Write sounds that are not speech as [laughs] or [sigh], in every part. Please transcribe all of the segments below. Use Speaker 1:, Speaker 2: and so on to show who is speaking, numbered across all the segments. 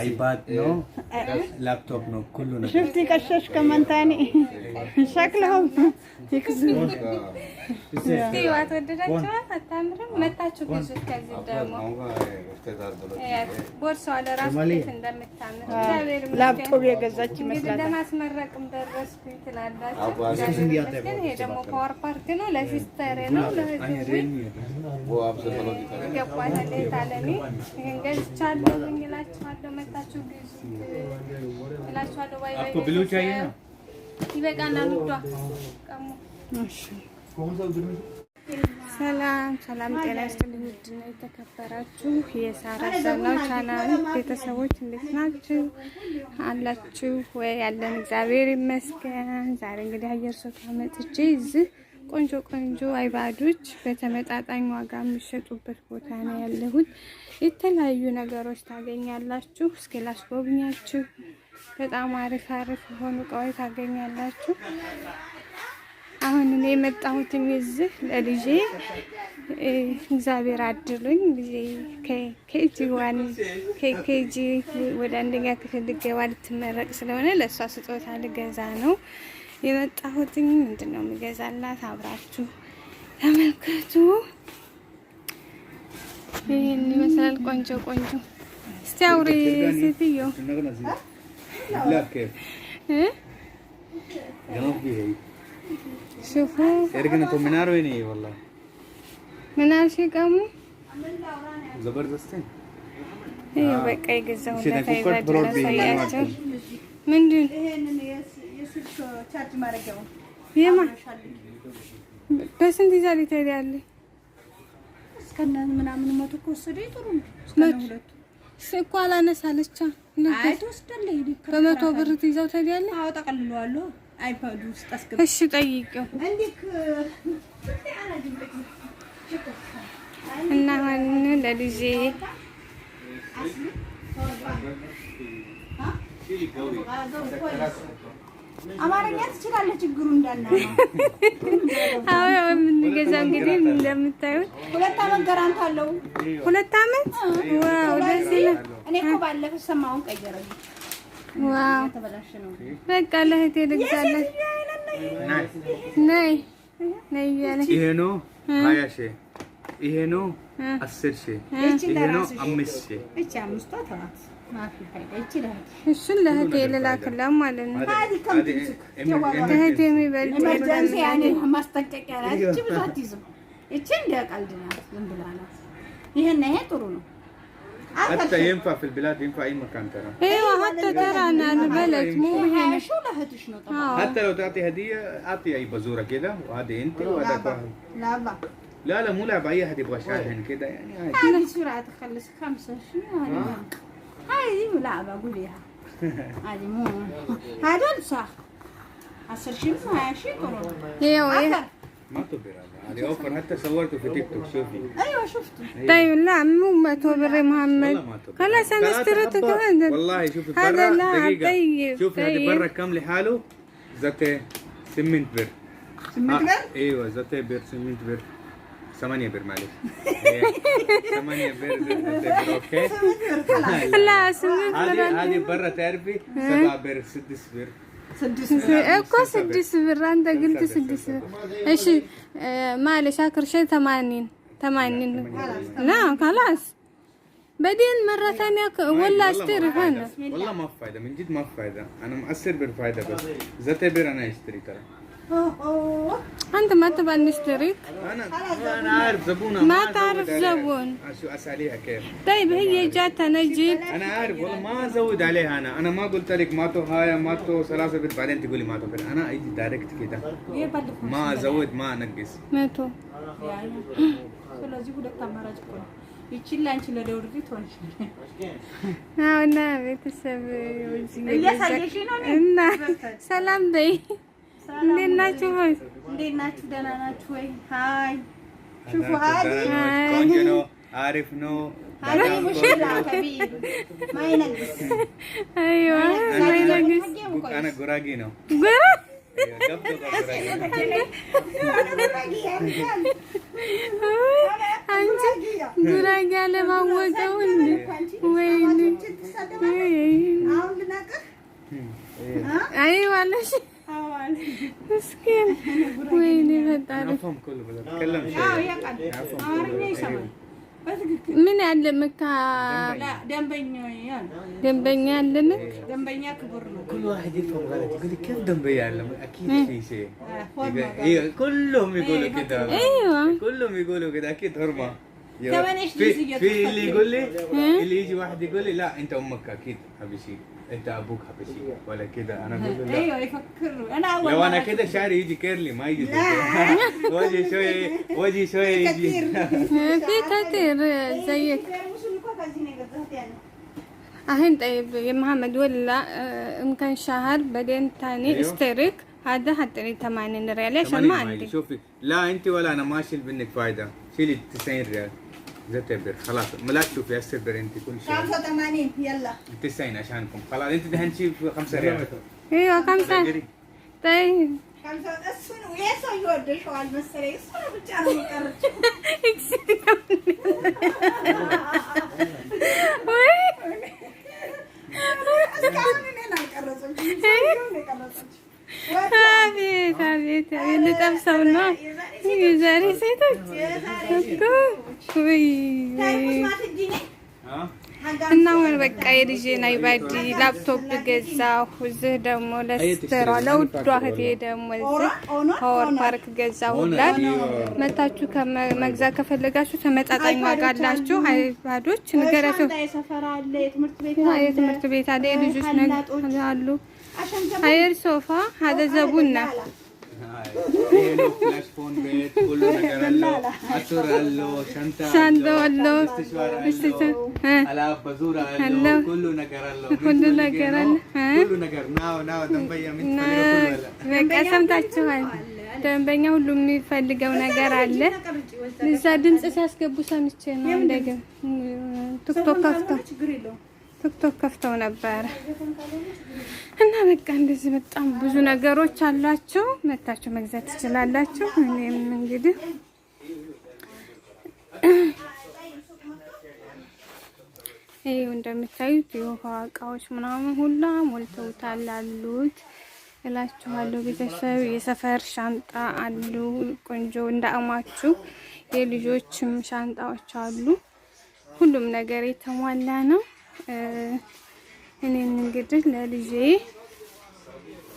Speaker 1: አይፓድ ነው፣ ላፕቶፕ ነው፣
Speaker 2: ሁሉ ነው። ሽፍቲ ቀሸሽ ከመንታኒ ሸክለውም ቴክስ
Speaker 3: አታምርም። መታችሁ ግዙት። ከዚህ እንደምታምር
Speaker 2: ላፕቶፕ የገዛች ይመስላል።
Speaker 3: እላችኋለሁ። መታችሁ ግዙ እላችኋለሁ።
Speaker 2: ሰላም ሰላም፣ ጤና ይስጥልኝ። የተከበራችሁ የሳራ ሰላም ቻናል ቤተሰቦች እንዴት ናችሁ? አላችሁ ወይ? ያለን እግዚአብሔር ይመስገን። ዛሬ እንግዲህ አየር ሰው እዚህ ቆንጆ ቆንጆ አይባዶች በተመጣጣኝ ዋጋ የሚሸጡበት ቦታ ነው ያለሁት። የተለያዩ ነገሮች ታገኛላችሁ። እስኪ ላስጎብኛችሁ። በጣም አሪፍ አሪፍ የሆኑ እቃዎች ታገኛላችሁ። አሁን እኔ የመጣሁትም እዚህ ለልጄ እግዚአብሔር አድሉኝ ልጄ ከኬጂ ወደ አንደኛ ክፍል ልገባ ልትመረቅ ስለሆነ ለእሷ ስጦታ ልገዛ ነው። የመጣሁትኝ ምንድን ነው የምገዛላት፣ አብራችሁ ተመልከቱ። ይህን ይመስላል። ቆንጆ ቆንጆ። እስቲ አውሪ ሴትዮ ሽፉ ቀሙ በቃ
Speaker 1: የገዛሁለት
Speaker 2: ምንድን በስንት ይዛል ይታይል ያለ
Speaker 3: እስከነ ምናምን መቶ እኮ ጥሩ ነው
Speaker 2: እኮ አላነሳለች። በመቶ ብር ትይዛው ታዲያለህ? አዎ
Speaker 3: ጠቀልለዋለሁ። አይፓዱ ውስጥ አስገባ።
Speaker 2: እሺ ጠይቂው እና አሁን ለልጄ የምንገዛ እንግዲህ እንደምታዩት
Speaker 3: ሁለት ዓመት ገራንት አለው።
Speaker 2: ሁለት አመት ዋው! ደስ ይላል።
Speaker 3: እኔ እኮ ባለፈው ሰማሁን ቀየረኝ።
Speaker 2: ዋው! በቃ ለእህቴ ልግዛለች። ነይ ነይ እያለች
Speaker 1: ይሄ ነው ሀያ ሺህ ይሄ ነው አስር ሺህ ይሄ ነው አምስት
Speaker 3: ሺህ ما في فايده
Speaker 2: ايش لها شو لكن لا ما لنا هذه كم تمسك تهدي يمي بالبيت
Speaker 3: ايمرجنسي يعني ما استنكك يعني ايش بدها تيزم ايش عندها قلدنا زين بلانا ይሄን ይሄ ጥሩ ነው
Speaker 1: حتى ينفع في البلاد ينفع اي مكان ترى
Speaker 2: ايوه حتى ترى انا نبلت مو
Speaker 3: هنا شو لهتش
Speaker 1: طبعا حتى لو تعطي هديه اعطي اي بازوره كده وهذه انت
Speaker 3: وهذا لعبه
Speaker 1: لا لا مو لعبه اي احد يبغى شاحن كده يعني
Speaker 3: عادي سرعه تخلص خمسه شنو هذا آه. لا بقوليها [laughs] هذه مو هذول صح عصر شنو ماشي كورونا
Speaker 2: ايوه
Speaker 1: ما تبرر علي اوفر حتى صورته في تيك توك شوفي
Speaker 3: ايوه شفته
Speaker 2: أيوة. طيب لا مو ما تبرر محمد خلاص انا اشتريته
Speaker 1: كمان والله شوفي هذا لا طيب شوفي هذه طيب. برا كم لحاله زتي سمنت بير
Speaker 3: سمنت بير؟ آه،
Speaker 1: ايوه زتي بير سمنت بير ثمانية بير معلش ثمانية [laughs] إيه، بير اوكي
Speaker 2: لا سمين هذه
Speaker 1: هذه برا تعرفي إيه. سبعة بير سدس بير
Speaker 2: اكو سدس بير انت قلت سدس بير ايش إيه، معلش اخر شيء ثمانين ثمانين لا خلاص بعدين مرة ثانية ولا اشتري فانا
Speaker 1: والله ما فايدة من جد ما فايدة انا مؤثر بالفايدة بس زتبر انا اشتري ترى
Speaker 2: أنت ما تبع نشترك؟
Speaker 1: أنا أنا عارف زبونها
Speaker 2: ما تعرف زبون
Speaker 1: شو أسأليها كيف؟
Speaker 2: طيب هي جاتها نجيب
Speaker 1: أنا عارف والله ما أزود عليها أنا أنا ما قلت لك ما تو هاي ما تو ثلاثة بيت بعدين تقولي ما تو كده أنا أجي دايركت كده ما أزود ما أنقص
Speaker 2: ما تو
Speaker 3: ስለዚህ ሁለት አማራጭ እኮ ነው። ይቺን ለአንቺ ለደውርዲ ትሆንሻለሽ።
Speaker 2: አዎ እና ቤተሰብ እና ሰላም በይ እንዴት ናችሁ?
Speaker 3: እንዴት ናችሁ? ደህና ናችሁ ወይ? ሀይ
Speaker 1: ሽፉ አሪፍ ነው። ቡቃነ ጉራጌ ነው።
Speaker 2: አንቺ ጉራጌ አለማወቀው ወይ ምስኪን ወይኔ ፈጣሪ ምን ያለ መካ
Speaker 3: ደንበኛ ያለ ደንበኛ ክቡር ነው። ሁሉም كمان اشتري
Speaker 1: في اللي يقول لي اللي يجي واحد يقول لي لا انت امك اكيد حبشي انت ابوك حبشي ولا كده انا اقول له
Speaker 3: ايوه يفكر انا
Speaker 1: اول لو انا كده شعري يجي كيرلي ما يجي [laughs] وجهي شويه وجهي شويه يجي
Speaker 2: [laughs] في كثير زيك
Speaker 3: إيه، يعني؟
Speaker 2: اهين طيب يا محمد ولا يمكن آه، شهر بعدين تاني استرك أيوه. هذا حتى 80 ريال عشان ما عندي
Speaker 1: شوفي لا انت ولا انا ما اشيل منك فايده شيلي 90 ريال زيت تبر خلاص ملاك شوفي هسه تبر انت كل شيء
Speaker 3: 85 يلا
Speaker 1: 90 عشانكم خلاص انت دهنشي ب 5 ريال
Speaker 2: ايوه 5 طيب
Speaker 3: 5 اسفن ويا سيور دشوا على المسرح اسفن بالجار مكرج
Speaker 2: حبيت حبيت حبيت طب صورناه እና አሁን በቃ የልጄን አይባዲ ላፕቶፕ ገዛሁ። እዚህ ደግሞ ለስተራ ለውዷ እህቴ ደግሞ እዚህ ፓወር ፓርክ ገዛሁላት። መታችሁ መግዛት ከፈለጋችሁ ተመጣጣኝ ዋጋ አላችሁ። አይባዶች ንገራችሁ። የትምህርት ቤት አለ፣ የልጆች አሉ። አየር ሶፋ ሀዘዘቡና ሰምታችኋል። ደንበኛ ሁሉ የሚፈልገው ነገር አለ። እዛ ድምፅ ሲያስገቡ ሰምቼ ነው። እንደገና ቲክቶክ ከፍተው ቶክቶክ ከፍተው ነበረ እና በቃ እንደዚህ በጣም ብዙ ነገሮች አሏቸው። መታችሁ መግዛት ትችላላችሁ። እኔም እንግዲህ ይህ እንደምታዩት የውሃ እቃዎች ምናምን ሁላ ሞልተውታል አሉት እላችኋለሁ። ቤተሰብ የሰፈር ሻንጣ አሉ ቆንጆ እንዳአማችሁ የልጆችም ሻንጣዎች አሉ። ሁሉም ነገር የተሟላ ነው። እኔም እንግዲህ ለልጄ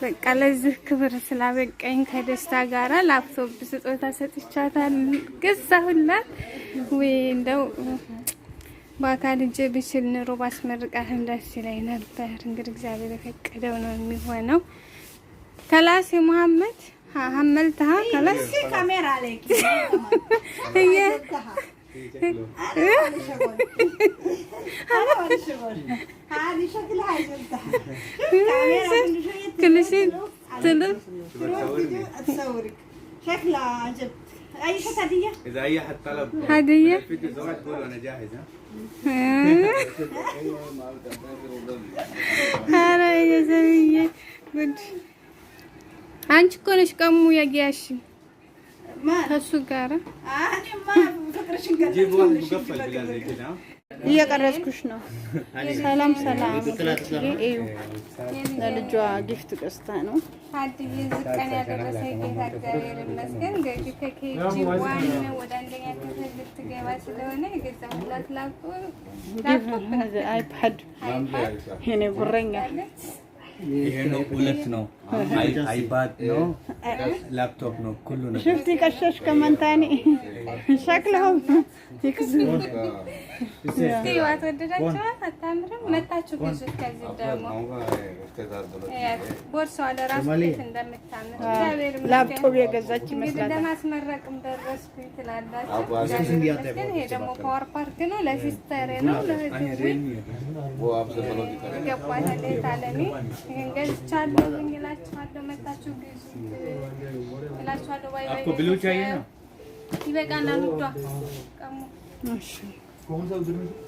Speaker 2: በቃ ለዚህ ክብር ስላበቀኝ ከደስታ ጋራ ላፕቶፕ ስጦታ ሰጥቻታል፣ ገዛሁላት። ወይ እንደው በአካል እጄ ብችል ኑሮ ባስመርቃትም ደስ ይለኝ ነበር። እንግዲህ እግዚአብሔር የፈቀደው ነው የሚሆነው። ከላሴ መሀመድ ሀመልትሀ ከላሴ
Speaker 3: ካሜራ ላይ
Speaker 2: كل شيء تندم
Speaker 3: شكلها عجبت اي شكل هديه
Speaker 1: اذا اي حد طلب
Speaker 2: هديه فيديو
Speaker 1: زواج قول انا جاهز
Speaker 2: ها انا يا زميلي قد هنشكونش كم ويا جاشم ከእሱ ጋር እየቀረጽኩሽ ነው። ሰላም ሰላም፣ ለልጇ ጊፍት ቀስታ ነው። አይፓድ የኔ ጉረኛ
Speaker 1: ይሄ ነው። ሁለት ነው አይፓድ ነው፣ ላፕቶፕ ነው፣
Speaker 2: ሁሉ ነው። ሽፍቲ ቀሸሽ ከመንታኒ ሸክለውም ፊክስ
Speaker 3: አትወደዳችኋል። አታምርም። መታችሁ ብዙ ከዚህ ደግሞ ቦርሳዋ ለራሱ ቤት እንደምታምር
Speaker 2: ላፕቶፕ የገዛች ይመስላል።
Speaker 3: ለማስመረቅም ደረስኩኝ ትላላችሁ። ግን ይሄ ደግሞ ፓወር ፓርክ ነው፣ ነው። ለህዝቡ ይህን ገዝቻለሁ
Speaker 1: आपको ब्लू चाहिए ना?
Speaker 2: अच्छा। कौन सा उधर में?